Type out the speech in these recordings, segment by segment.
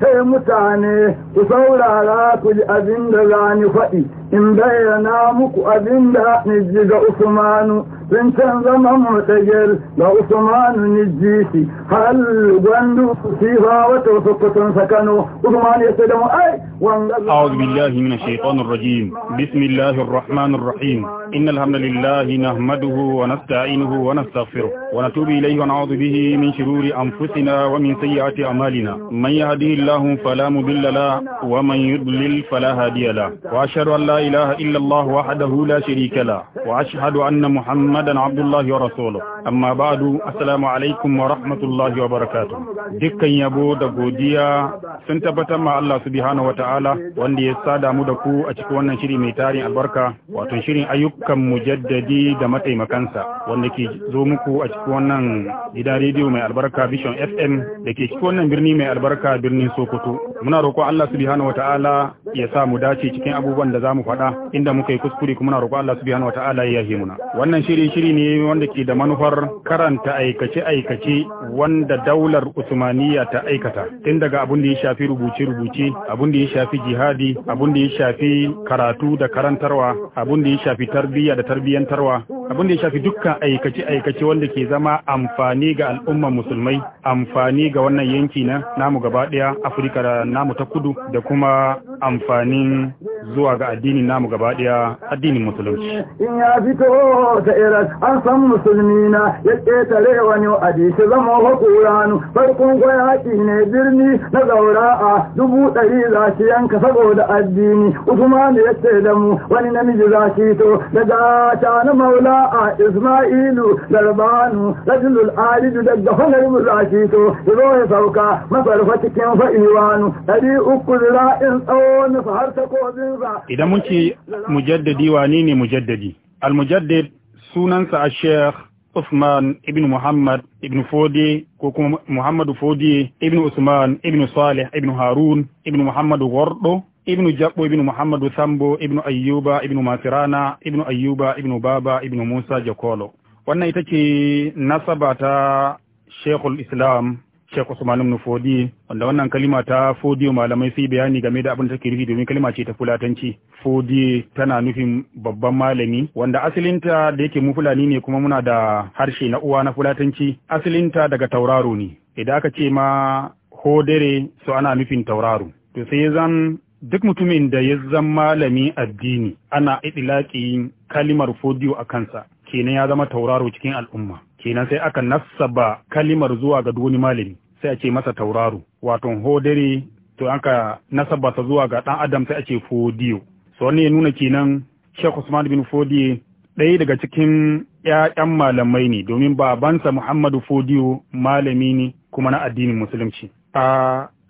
sai mutane ku saurara ku ji abin da za ni faɗi in bayyana muku abin da ni ji ga usmanu بنتن ضمم وتجل لو عثمان الجيسي هل وندو فيها وتوفقة سكنوا عثمان يسلم أي أعوذ بالله من الشيطان الرجيم بسم الله الرحمن الرحيم إن الحمد لله نحمده ونستعينه ونستغفره ونتوب إليه ونعوذ به من شرور أنفسنا ومن سيئات أعمالنا من يهدي الله فلا مضل له ومن يضلل فلا هادي له وأشهد أن لا إله إلا الله وحده لا شريك له وأشهد أن محمد محمدا عبد الله ورسوله amma ba'du assalamu alaikum wa rahmatullahi wa barakatuh dukkan yabo da godiya sun tabbatar ma Allah subhanahu wa ta'ala wanda ya sada mu da ku a cikin wannan shiri mai tarin albarka wato shirin ayyukan mujaddadi da mataimakansa wanda ke zo muku a cikin wannan gidan rediyo mai albarka Vision FM da ke cikin wannan birni mai albarka birnin Sokoto muna roƙon Allah subhanahu wa ta'ala ya sa mu dace cikin abubuwan da za mu faɗa inda muka yi kuskure kuma muna roƙon Allah subhanahu wa ta'ala ya yi muna wannan shiri shiri ne wanda ke da manufar karanta aikace-aikace wanda daular Usmaniya ta aikata tun daga abin da ya shafi rubuce-rubuce abin da ya shafi jihadi abin da ya shafi karatu da karantarwa abin da ya shafi tarbiyya da tarbiyyantarwa abin da ya shafi dukkan aikace-aikace wanda ke zama amfani ga al'umman musulmai amfani ga wannan yanki na namu gaba daya afirka da namu ta kudu da kuma amfanin zuwa ga addinin namu gaba daya addinin musulunci in ya fito ta iras an san musulmi na ya ketare wani hadisi zama hakuranu farkon gwayaki ne birni na zaura a dubu ɗari za shi yanka saboda addini usman ya ce da mu wani namiji za shi to daga ta na maula a ismailu darbanu rajulul alidu daga hunar mu za shi fito zo ya sauka masarfa cikin fa'iwanu ɗari uku in tsawon nufa har ta kozinsa idan mun ci mujaddadi wani ne mujaddadi almujaddad sunansa a sheikh Usman ibn Muhammad ibn Fodi ko kuma Muhammadu Fodi ibn Usman ibn Salih ibn Harun ibn Muhammadu Gordo ibn Jabbo ibn Muhammadu Sambo ibn Ayyuba ibn Masirana ibn Ayyuba ibn Baba ibn Musa Jakolo wannan ita ce nasaba ta shekul islam Sheikh Usman ibn Fodi wanda wannan kalima ta Fodi malamai sai bayani game da abin da take rufi domin kalima ce ta fulatanci. Fodi tana nufin babban malami wanda asalinta da yake mu fulani ne kuma muna da harshe na uwa na fulatanci asalinta daga tauraro ne. Idan aka ce ma hodere so ana nufin tauraro. To sai zan duk mutumin da ya zan malami addini ana idilaki kalimar Fodi a kansa kenan ya zama tauraro cikin al'umma. kenan sai aka nassaba kalimar zuwa ga duni malami sai a ce masa tauraro wato hodare to aka nasaba ta zuwa ga dan adam sai a ce fodiyo so wannan ya nuna kenan Sheikh Usman bin Fodiye ɗaya daga cikin ƴaƴan malamai ne domin babansa Muhammadu Fodiyo malami ne kuma na addinin musulunci a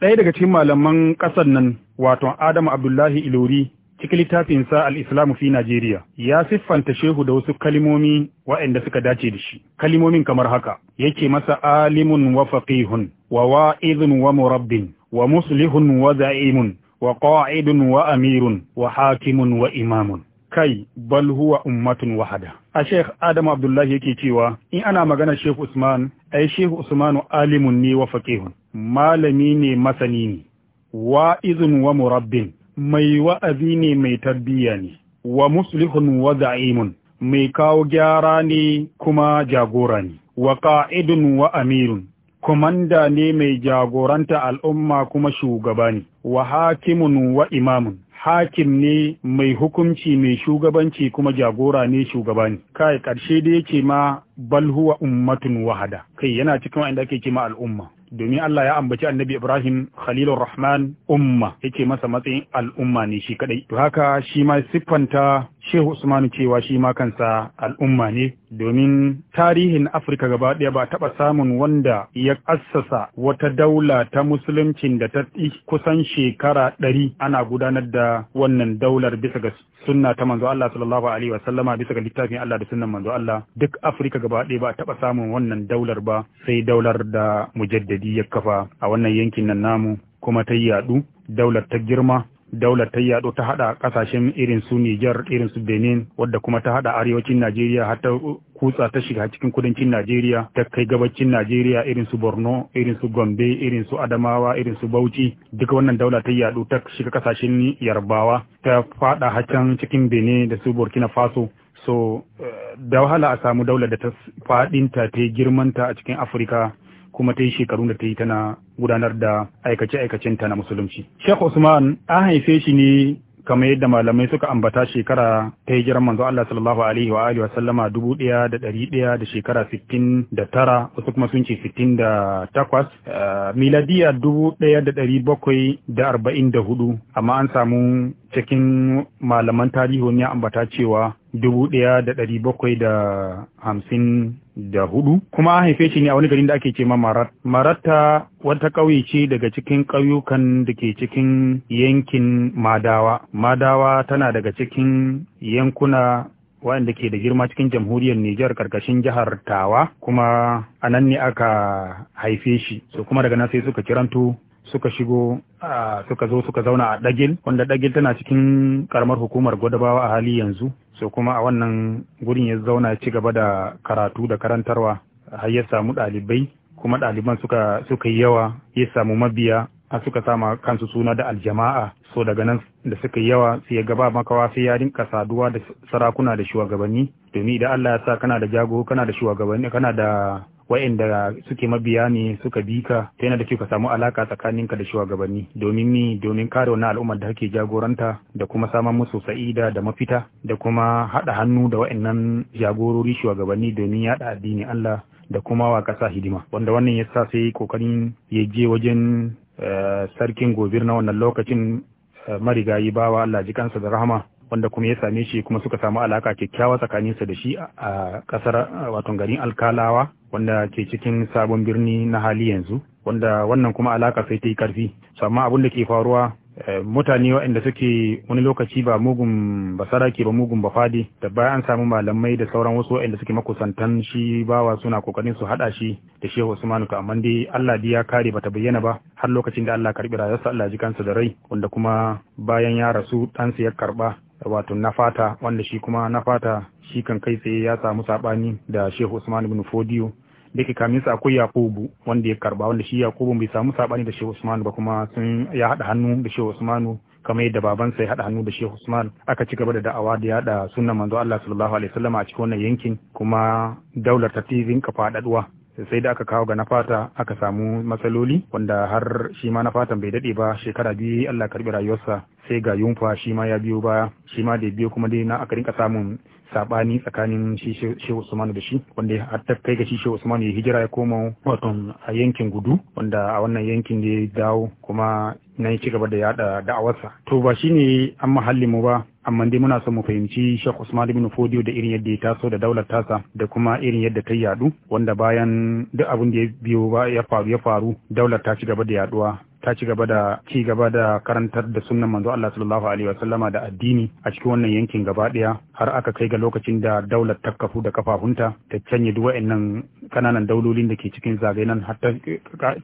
ɗaya daga cikin malaman ƙasar nan wato Adamu Abdullahi Ilori cikin littafin sa al-Islamu fi Najeriya ya siffanta shehu da wasu kalimomi waɗanda suka dace da shi kalimomin kamar haka yake masa alimun wa faqihun wa wa'izun wa murabbin wa muslihun wa za'imun wa qa'idun wa amirun wa hakimun wa imamun kai bal huwa ummatun wahada a sheikh adam abdullahi yake cewa in ana magana sheikh usman ai sheikh usman alimun ne wa faqihun malami ne masani ne wa'izun wa murabbin mai wa'azi ne mai tarbiyya ne wa muslihun wa za'imun mai kawo gyara ne kuma jagora ne wa ƙa'idun wa amirun kumanda ne mai jagoranta al'umma kuma shugaba ne wa hakimun wa imamun hakim ne mai hukunci mai shugabanci kuma jagora ne shugaba ne kai ƙarshe da yake ma bal huwa ummatun wahada kai yana cikin wanda ake ma al'umma domin Allah ya ambaci annabi Ibrahim Khalilur Rahman umma yake masa matsayin al'umma ne shi kadai to haka shi ma siffanta shehu usmanu cewa shi ma kansa al'umma ne domin tarihin afirka gaba ɗaya ba taɓa samun wanda ya assasa wata daula ta musuluncin da ta ɗi kusan shekara ɗari ana gudanar da wannan daular bisa ga sunna ta manzo Allah sallallahu alaihi sallama bisa ga littafin Allah da sunnan manzo Allah duk afirka gaba ɗaya ba taɓa samun wannan daular ba sai daular da mujaddadi ya kafa a wannan yankin nan namu kuma ta yi yaɗu daular ta girma daular ta yado ta haɗa kasashen irin su Nijar irin su Benin wadda kuma ta haɗa arewacin Najeriya har ta kutsa ta shiga cikin kudancin Najeriya ta kai gabacin Najeriya irin su Borno irin su Gombe irin su Adamawa irin su Bauchi duka wannan daular ta yado ta shiga kasashen Yarbawa ta faɗa hacan cikin Benin da su Burkina Faso so eh, da wahala a samu daular da ta faɗinta ta girmanta a cikin Afirka kuma ta yi shekarun da ta yi tana gudanar da aikace-aikacenta na musulunci. Sheikh Usman an haife shi ne kamar yadda malamai suka ambata shekara ta hijirar manzo Allah sallallahu alaihi wa alihi wa sallama dubu ɗaya da ɗari ɗaya da shekara sittin da tara wasu kuma sun ce sittin da takwas eh, miladiya dubu ɗaya da ɗari bakwai da arba'in da hudu amma an samu cikin malaman tarihi ya ambata cewa dubu ɗaya da ɗari bakwai da hamsin da hudu kuma an haife shi ne a wani garin da ake ce ma marat maratta wata ƙauye ce daga cikin ƙauyukan da ke cikin yankin madawa madawa tana daga cikin yankuna waɗanda ke da girma cikin jamhuriyar Nijar karkashin jihar Tawa kuma a nan ne aka haife shi so kuma daga nan sai suka kiranto suka shigo suka zo suka zauna a dagil wanda dagil tana cikin karamar hukumar gwadabawa a hali yanzu so kuma a wannan gurin ya zauna ya ci gaba da karatu da karantarwa har ya samu ɗalibai kuma ɗaliban suka suka yi yawa ya samu mabiya a suka sama kansu suna da aljama'a so daga nan da suka yi yawa su ya gaba makawa sai ya rinka saduwa da sarakuna da shugabanni domin idan Allah ya sa kana da jago kana da shugabanni kana da wa'inda suke mabiya ne suka bi ka ta yana da kyau ka samu alaka tsakaninka da shugabanni domin ni domin kare wani al'ummar da kake jagoranta da kuma samar musu sa'ida da mafita da kuma haɗa hannu da wa'annan jagorori shugabanni domin yaɗa addinin Allah da kuma wa ƙasa hidima wanda wannan ya sa sai kokarin ya je wajen eh, sarkin gobe na wannan lokacin eh, marigayi bawa Allah ji kansa da rahama wanda kuma ya same shi kuma suka samu alaka kyakkyawa tsakaninsa da shi a kasar wato garin alkalawa wanda ke cikin sabon birni na hali yanzu wanda wannan kuma alaka sai ta yi karfi so amma abin da ke faruwa eh, mutane waɗanda suke wani lokaci ba mugun ba saraki ba mugun ba fadi da bayan an samu malamai da sauran wasu waɗanda suke makusantan shi bawa suna kokarin su haɗa shi da shehu usmanu to amma dai Allah dai ya kare bata bayyana ba har lokacin da Allah karbi sa Allah ji kansa da rai wanda kuma bayan ya rasu ɗansu ya karba wato na fata wanda shi kuma na fata shi kan kai tsaye ya samu sabani da Shehu Usman ibn Fodiyo da ke kamin sa akwai Yakubu wanda ya karba wanda shi Yakubu bai samu sabani da Shehu Usman ba kuma sun ya hada hannu da Shehu Usman kamar yadda babansa ya hada hannu da Shehu Usman aka ci gaba da da'awa da yaɗa sunan manzo Allah sallallahu alaihi wasallam a cikin wannan yankin kuma daular ta tizin ka faɗaɗuwa sai da aka kawo ga na fata aka samu matsaloli wanda har shi ma nafatan bai dade ba shekara biyu Allah karbi rayuwarsa sai ga yunfa shi ma ya biyo baya shi ma da biyo kuma dai na aka rinka samun sabani tsakanin shi shehu usman da shi wanda ya ta kai ga shi shehu usman ya hijira ya koma wato a yankin gudu wanda a wannan yankin da ya dawo kuma na ci gaba da yada da'awarsa to ba shi ne an mahallin mu ba amma dai muna son mu fahimci Sheikh Usman ibn Fodio da irin yadda ya taso da daular tasa da kuma irin yadda ta yadu wanda bayan duk abin da ya biyo ba ya faru ya faru daular ta ci gaba da yaduwa ta ci gaba da ci gaba da karantar da sunnan manzo Allah sallallahu alaihi wasallama da addini a cikin wannan yankin gaba daya har aka kai ga lokacin da daular ta kafu da kafafunta ta canye duk wa'annan kananan daulolin da ke cikin zagaye nan har ta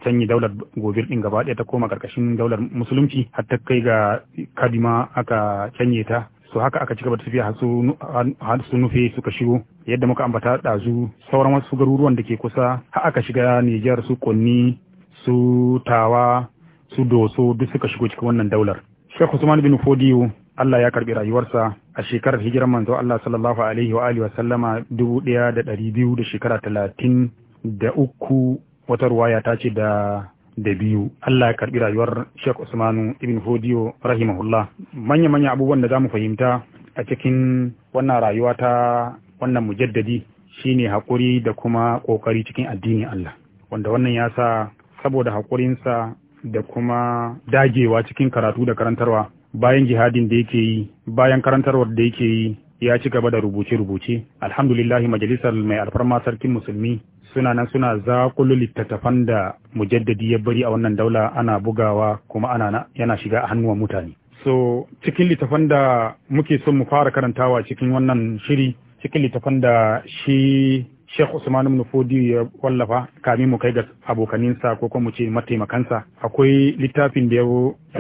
canye daular gobir din gaba daya ta koma karkashin daular musulunci har ta kai ga kadima aka canye ta su haka aka cigaba da tafiya har su nufe suka shigo yadda muka ambata ɗazu sauran wasu garuruwan da ke kusa har aka shiga Nijar su Konni su Tawa su doso duk suka shigo cikin wannan daular Sheikh Usman bin Fodiyu Allah ya karbi rayuwarsa a shekarar hijirar manzo Allah sallallahu alaihi wa alihi wa sallama ɗaya da ɗari biyu da shekara talatin da uku wata ruwaya ta ce da da biyu Allah ya karbi rayuwar Sheikh Usmanu Fodio rahima rahimahullah manya manya abubuwan da za mu fahimta a cikin wannan rayuwa ta wannan mujaddadi shine hakuri da kuma kokari cikin addinin Allah wanda wannan ya sa saboda haƙurinsa. da kuma dagewa cikin karatu da karantarwa bayan jihadin da yake yi bayan karantarwar da yake yi ya ci gaba da rubuce-rubuce alhamdulillahi majalisar mai alfarma sarkin musulmi suna nan suna zakulu littattafan da mujaddadi ya bari a wannan daula ana bugawa kuma ana na yana shiga a hannuwan mutane so cikin littafan da muke son mu fara karantawa cikin wannan shiri cikin littafan da shi Sheikh Usman ibn Fodi ya wallafa kamin mu kai ga abokaninsa ko kuma mu ce mataimakansa akwai littafin da ya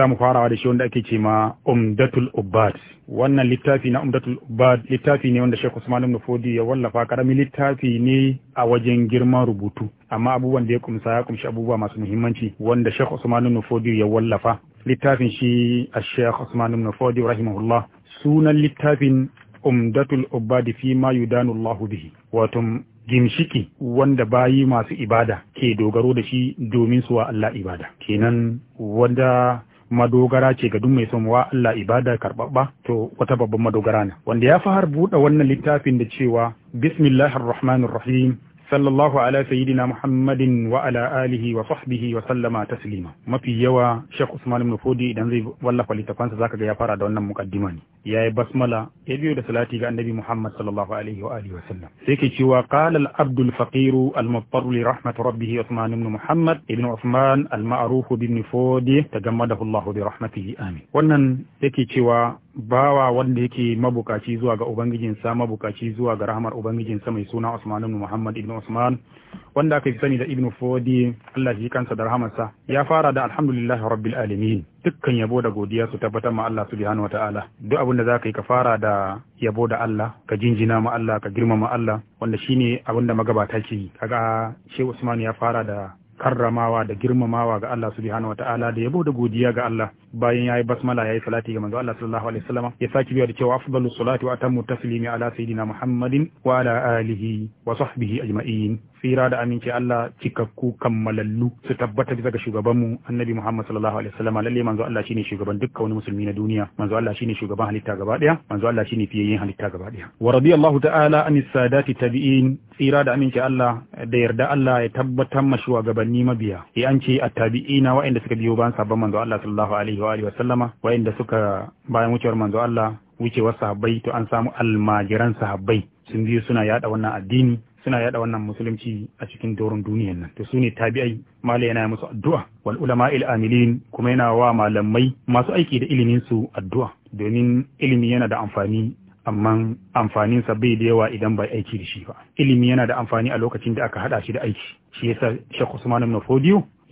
mu farawa da shi wanda ake ce Umdatul ubad wannan littafi na Umdatul ubad littafi ne wanda Sheikh Usman ibn Fodi ya wallafa karamin littafi ne a wajen girman rubutu amma abubuwan da ya kumsa ya kumshi abubuwa masu muhimmanci wanda Sheikh Usman ibn Fodi ya wallafa littafin shi a Sheikh Usman ibn Fodi rahimahullah sunan littafin Umdatul Ubbad fi ma yudanu Allahu bihi wato ginshiki wanda bayi masu ibada ke dogaro da shi domin suwa Allah ibada kenan wanda madogara ce ga duk mai son wa Allah ibada karbabba to wata babban madogara ne wanda ya fahar buɗe wannan littafin da cewa bismillahir rahmanir rahim sallallahu ala sayyidina muhammadin wa ala alihi wa sahbihi wa sallama taslima mafi yawa shek usman ibn fodi idan zai wallafa littafansa zaka ga ya fara da wannan muqaddima ne yayi basmala ya biyo da salati ga annabi muhammad sallallahu alaihi wa sallam sai ke cewa qala al abd al faqir al muttar rahmat rabbih usman ibn muhammad ibn usman al ma'ruf ta fodi tagammadahu allah bi rahmatihi amin wannan yake cewa bawa wanda yake mabukaci zuwa ga ubangijinsa mabukaci zuwa ga rahmar ubangijinsa mai suna Usman ibn Muhammad ibn Usman wanda aka sani da Ibn Fodi Allah shi kansa da rahmarsa ya fara da alhamdulillah rabbil alamin dukkan yabo da godiya su tabbatar ma Allah subhanahu wataala duk abin da zaka yi ka fara da yabo da Allah ka jinjina ma Allah ka girmama Allah wanda shine abin da magabata ke yi kaga Sheikh Usman ya fara da karramawa da girmamawa ga Allah subhanahu wataala da yabo da godiya ga Allah bayan yayi basmala yayi salati ga manzo Allah sallallahu alaihi wasallam ya saki biya da cewa afdalu salati wa atammu taslimi ala sayidina Muhammadin wa ala alihi wa sahbihi ajma'in tsira da amince Allah cikakku kammalallu su tabbata bisa ga shugabanmu annabi Muhammad sallallahu alaihi wasallam lalle manzo Allah shine shugaban dukkan wani musulmi na duniya manzo Allah shine shugaban halitta gaba daya manzo Allah shine fiyayyen halitta gaba daya wa radiyallahu ta'ala anis sadati tabi'in tsira da amince Allah da yarda Allah ya tabbatar ma shugabanni mabiya ya eh, an ce at-tabi'ina waɗanda suka biyo bayan sabon manzo Allah sallallahu alaihi wa alihi wa sallama wayanda suka bayan wucewar manzo Allah wucewar sahabbai to an samu almajiran sahabbai sun biyu suna yada wannan addini suna yada wannan musulunci a cikin doron duniyar nan to su ne tabi'ai malai yana musu addu'a wal ulama il amilin kuma yana wa malamai masu aiki da ilimin su addu'a domin ilimi yana da amfani amma amfanin sa bai da yawa idan bai aiki da shi ba ilimi yana da amfani a lokacin da aka hada shi da aiki shi yasa Sheikh Usman ibn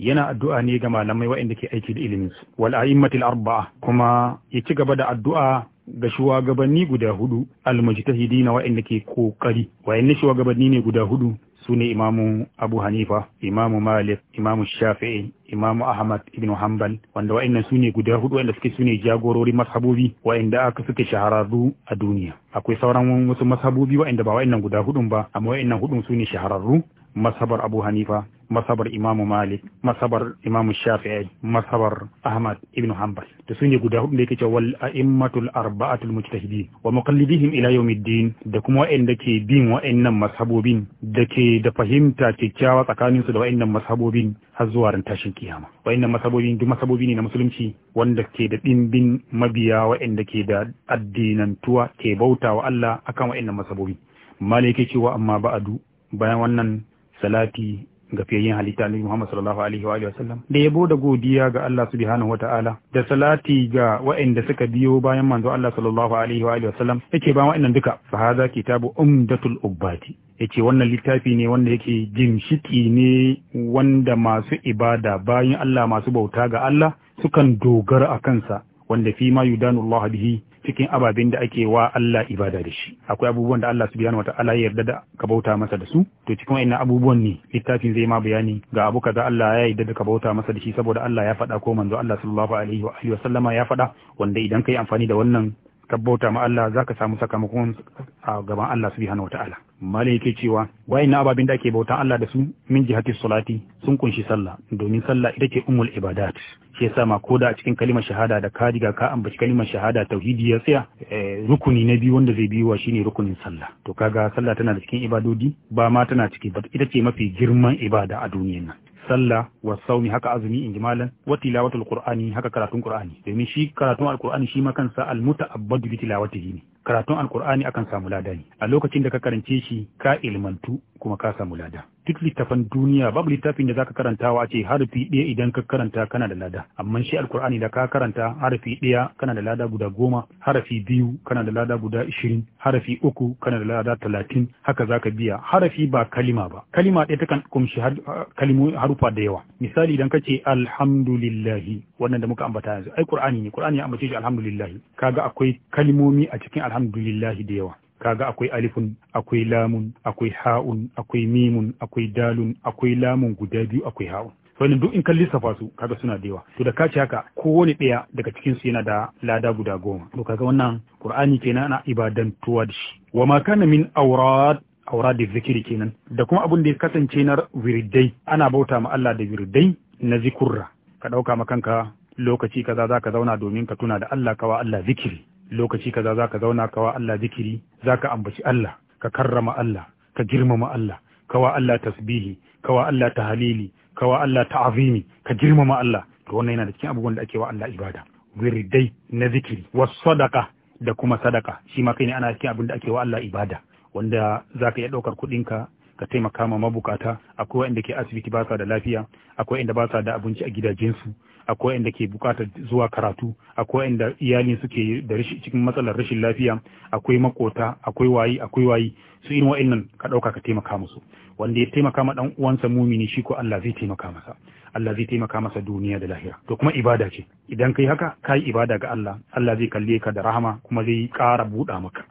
yana addu'a ne ga malamai waɗanda ke aiki da ilimin su wal a'immatil arba'a kuma ya ci gaba da addu'a ga shugabanni guda hudu na waɗanda ke kokari wayanne shugabanni ne guda hudu sune imamu abu hanifa imamu malik imamu shafi'i imamu ahmad ibn hanbal wanda wa'annan sune guda hudu wanda suke sune jagorori mashabobi wa'anda aka suke shahararru a duniya akwai sauran wasu mashabobi wa'anda ba wa'annan guda hudun ba amma wa'annan hudun sune shahararru mashabar abu hanifa masabar imamu malik masabar imamu shafi'i masabar ahmad ibn hanbal da su ne guda hudu da yake cewa wal a'immatul arba'atul mujtahidin wa muqallidihim ila yawmiddin da kuma wa'anda ke bin wa'annan mashabobin da ke da fahimta kyakkyawa tsakanin su da wa'annan mashabobin har zuwa ran tashin kiyama wa'annan mashabobin duk mashabobi ne na musulunci wanda ke da dimbin mabiya wa'anda ke da addinantuwa ke bautawa Allah akan wa'annan mashabobi malai yake cewa amma ba'adu bayan wannan salati ga fiyayyen halitta Annabi Muhammad sallallahu alaihi wa sallam da yabo da godiya ga Allah subhanahu wa ta'ala da salati ga waɗanda suka biyo bayan manzo Allah sallallahu alaihi wa sallam yake ba waɗannan duka fa hadha kitabu umdatul ubbati yace wannan littafi ne wanda yake ginshiki ne wanda masu ibada bayan Allah masu bauta ga Allah sukan dogara a kansa wanda fi ma yudanu Allah bihi cikin ababen da ake wa Allah ibada da shi akwai abubuwan da Allah subhanahu wataala ya yarda da ka bauta masa da su to cikin wannan abubuwan ne littafin zai ma bayani ga abu kaza Allah ya yarda da ka bauta masa da shi saboda Allah ya faɗa ko manzo Allah sallallahu alaihi wa wa sallama ya faɗa wanda idan kai amfani da wannan Tabbauta ma Allah za ka samu sakamakon a gaban Allah subhanahu wataala malam yake cewa wayannan ababin da ake bautan Allah da su min jihati salati sun kunshi sallah domin sallah ita ce umul ibadat shi yasa ma koda a cikin kalimar shahada da ka riga ka ambaci kalimar shahada tauhidi ya tsaya eh, rukuni na biyu wanda zai biyuwa shine rukunin sallah to kaga sallah tana da cikin ibadodi ba ma tana ciki ba ita ce mafi girman ibada a duniyar nan sallah wa saumi haka azumi in jimalan wa tilawatul qur'ani haka karatun qur'ani domin shi karatun alqur'ani shi ma al muta'abbadu bi tilawatihi ne karatun alkur'ani akan samu lada ne a lokacin da ka karance shi ka ilmantu kuma ka samu lada duk littafan duniya babu littafin da zaka karantawa ce harfi ɗaya idan ka karanta kana da lada amma shi alkur'ani da ka karanta harfi ɗaya kana da lada guda goma harafi biyu kana da lada guda ishirin harafi uku kana da lada talatin haka zaka biya harafi ba kalima ba kalima ɗaya takan kumshi kalimo harufa da yawa misali idan ka ce alhamdulillahi wannan da muka ambata yanzu ai qur'ani ne qur'ani ya ambace shi alhamdulillahi kaga akwai kalimomi a cikin alhamdulillah da yawa kaga akwai alifun akwai lamun akwai ha'un akwai mimun akwai dalun akwai lamun guda biyu akwai ha'un wannan duk in ka lissafa su kaga suna da yawa to da ka haka kowane daya daga cikin su yana da lada guda goma to kaga wannan qur'ani kenan ana ibadantuwa da shi wa ma kana min awrad awrad da zikiri kenan da kuma abin da ya kasance na wiridai ana bauta ma Allah da wiridai na zikurra ka ɗauka ma kanka lokaci kaza zaka zauna domin ka tuna da Allah kawa Allah zikiri lokaci kaza zaka zauna kawa Allah zikiri ka ambaci Allah ka karrama Allah ka girmama Allah kawa Allah tasbihi kawa Allah tahalili kawa Allah ta'azimi ka girmama Allah to wannan yana da cikin abubuwan da ake wa Allah ibada wiridai na zikiri Wasu sadaka da kuma sadaka shi ma kai ne ana cikin abin da ake wa Allah ibada wanda za ka iya ɗaukar kuɗinka ka taimaka ma mabukata akwai wanda ke asibiti ba sa da lafiya akwai inda ba sa da abinci a gidajensu akwai inda ke bukatar zuwa karatu akwai inda iyali suke da cikin matsalar rashin lafiya akwai makota akwai wayi akwai wayi su irin wa'annan ka dauka ka taimaka musu wanda ya taimaka ma dan uwansa mumini shi ko Allah zai taimaka masa Allah zai taimaka masa duniya da lahira to kuma ibada ce idan kai haka kai ibada ga Allah Allah zai kalle ka da rahama kuma zai ƙara buɗa maka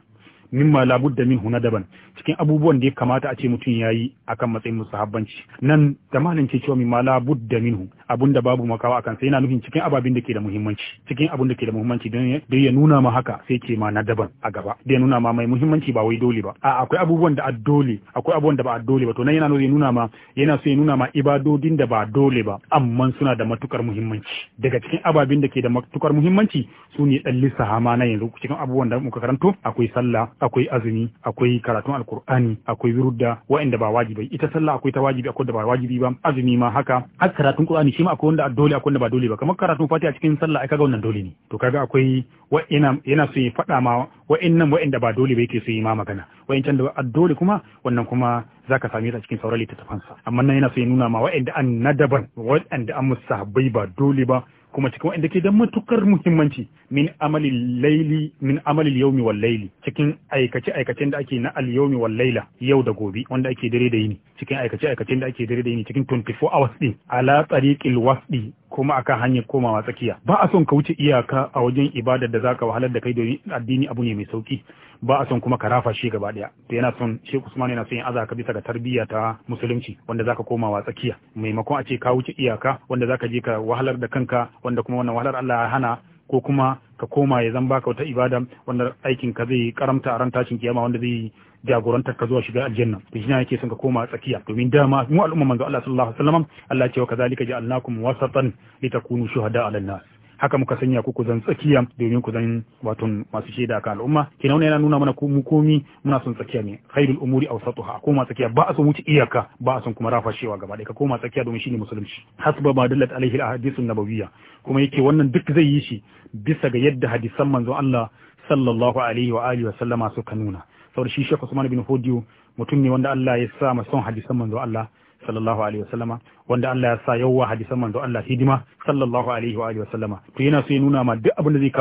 mimma labudda minhu nadaban cikin abubuwan da ya kamata a ce mutum ya yayi akan matsayin musahabbanci nan da malin ce cewa mimma labudda minhu da babu makawa akan sai yana nufin cikin ababin da ke da muhimmanci cikin abun da ke da muhimmanci don ya nuna ma haka sai ce ma daban a gaba da ya nuna ma mai muhimmanci ba wai dole ba a akwai abubuwan da dole akwai abubuwan da ba dole ba to nan yana nuna ma yana so ya nuna ma ibadodin da ba dole ba amma suna da matukar muhimmanci daga cikin ababin da ke da matukar muhimmanci su ne dan lissa na yanzu cikin abubuwan da muka karanto akwai sallah akwai azumi akwai karatun alkur'ani akwai wirudda wa'anda ba wajibi ita sallah akwai ta wajibi akwai da ba wajibi ba azumi ma haka har karatun qur'ani shi ma akwai wanda dole akwai wanda ba dole ba kamar karatun fatiha cikin sallah ai kaga wannan dole ne to kaga akwai wa'ina yana so ya faɗa ma wa'innan wa'anda ba dole ba yake so yi ma magana wa'ancan da dole kuma wannan kuma zaka same ta cikin sauran littattafansa amma nan yana so ya nuna ma wa'anda an nadaban wa'anda an musabbai ba dole ba kuma cikin wanda ke da matukar muhimmanci min amalil laili min amalil yaumi wal laili cikin aikace aikacen da ake na al yaumi wal laila yau da gobe wanda ake dare da yini cikin aikace aikacen da ake dare da yini cikin 24 hours din ala tariqil wasdi kuma akan hanyar komawa tsakiya ba a son ka wuce iyaka a wajen ibadar da zaka wahalar da kai domin addini abu ne mai sauki ba a son kuma ka rafa shi gaba daya to yana son shi Usman yana son yin azaka bisa ga tarbiyya ta musulunci wanda zaka wa tsakiya maimakon a ce ka wuce iyaka wanda zaka je ka wahalar da kanka wanda kuma wannan wahalar Allah ya hana ko kuma ka koma ya zan baka wata ibada wanda aikin ka zai karamta a ran tashin kiyama wanda zai jagorantar ka zuwa shiga aljanna to shi yake son ka koma tsakiya domin dama mu al'umma manzo Allah sallallahu alaihi wasallam Allah ya ce wa kazalika ja'alnakum wasatan litakunu shuhada 'alan nas haka muka sanya ku ku zan tsakiya domin ku zan wato masu shaida kan al'umma kenan wannan yana nuna mana mu komi muna son tsakiya ne khairul umuri awsatuha koma tsakiya ba a son wuce iyaka ba a son kuma rafashewa gaba ɗaya ka koma tsakiya domin shine musulunci hasba ma dallat alaihi alhadithun nabawiyya kuma yake wannan duk zai yi shi bisa ga yadda hadisan manzon Allah sallallahu alaihi wa alihi wa sallama suka nuna saboda shi Sheikh Usman bin Hodiyo mutum ne wanda Allah ya sa son hadisan manzon Allah sallallahu alaihi wasallama wanda Allah ya sa yawa hadisan manzo Allah hidima sallallahu alaihi wa alihi wasallama to yana so ya nuna ma duk abin da zai kawo